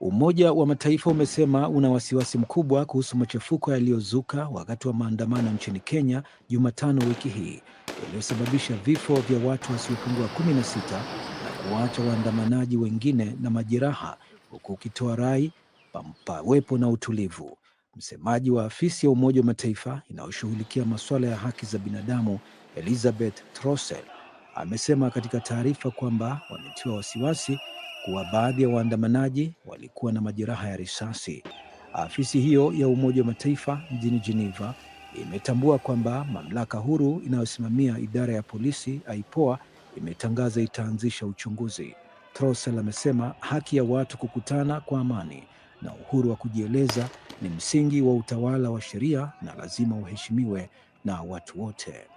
Umoja wa Mataifa umesema una wasiwasi mkubwa kuhusu machafuko yaliyozuka wakati wa maandamano nchini Kenya Jumatano wiki hii yaliyosababisha vifo vya watu wasiopungua kumi na sita na kuwaacha waandamanaji wengine na majeraha, huku ukitoa rai pawepo na utulivu. Msemaji wa afisi ya Umoja wa Mataifa inayoshughulikia masuala ya haki za binadamu Elizabeth Trossel amesema katika taarifa kwamba wametiwa wasiwasi kuwa baadhi ya waandamanaji walikuwa na majeraha ya risasi. Afisi hiyo ya Umoja wa Mataifa mjini Geneva imetambua kwamba mamlaka huru inayosimamia idara ya polisi IPOA imetangaza itaanzisha uchunguzi. trosel amesema haki ya watu kukutana kwa amani na uhuru wa kujieleza ni msingi wa utawala wa sheria na lazima uheshimiwe na watu wote.